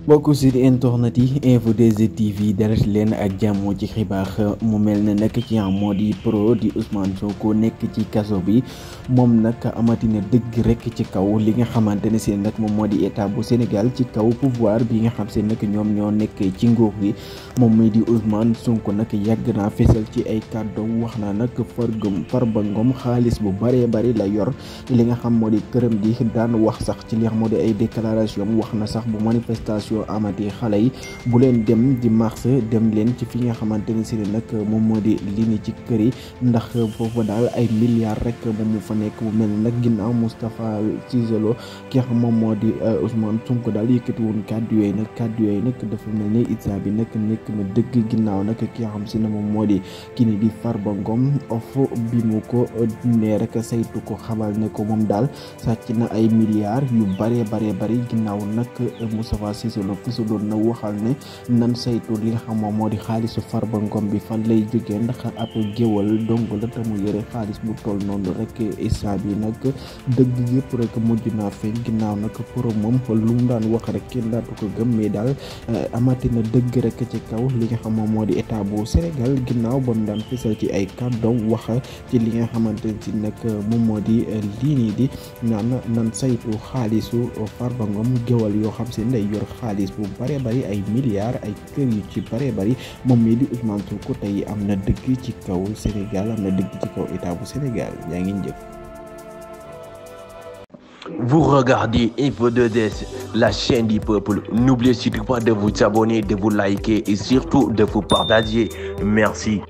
mbokk si di internet yi info 2S TV leen ak jàmm ci xibaar mu mel ne nag ci moo di pro di Ousmane Sonko nekk ci kaso bi moom nag amatina dëgg rek ci kaw li nga xamante ne seen nag moom moo di état bu Sénégal ci kaw pouvoir bi nga xam seen nag ñoom ñoo nekk ci nguur gi moom mi di Ousmane Sonko nag yàgg naa fesal ci ay kàddoom wax naa nag fargum Farba Ngom xaalis bu baree bari la yor li nga xam moo di këram di daan wax sax ci li xam moo di ay déclaration wax na sax bu manifestation. yoo amati xale yi bu leen dem di mars dem leen ci fi nga xamante ni si ne nag moom moo di lini ci kër yi ndax foofu daal ay milliards rek moom mu fa nekk bu mel ni nag ginnaaw Moustapha Cissé Lo ki nga moom moo di euh, Ousmane Sonko daal yëkkati woon kàddu yooyu nag kàddu yooyu nag dafa mel ni ISRA bi nag nekk na dëgg ginnaaw nag ki nga si ne moom moo di kii bi di Farba Ngom of bi mu ko nee rek saytu ko xamal ne ko moom daal sàcc na ay milliards yu bare bare bare ginnaaw nag Moustapha Cissé fësaloon fësaloon na waxal ne nan saytu li nga xam moom moo di xaalisu Farba bi fan lay jógee ndax ab géwal dong la te yére yore xaalis bu toll noonu rek instant yi nag dëgg yëpp rek mujj naa feeñ ginnaaw nag pour moom lu mu daan wax rek kenn daatu ko gëm mais daal euh, amati na dëgg rekk ci kaw li nga xam moom moo di état bu Sénégal ginnaaw ba mu ci ay kàddoom wax ci li nga xamante si nag moom moo di euh, lii di naan nan saytu xaalisu Farba géwal yoo xam si nday yor xaalis xaalis bu bare bari ay milliards ay kër yu ci bare bari moom mii di Ousmane Sonko tey am na dëgg ci kaw Sénégal am na dëgg ci kaw état bu Sénégal yaa ngi jëf. Vous regardez Info 2S, la chaîne du peuple. N'oubliez surtout pas de vous abonner, de vous liker et surtout de vous partager. Merci.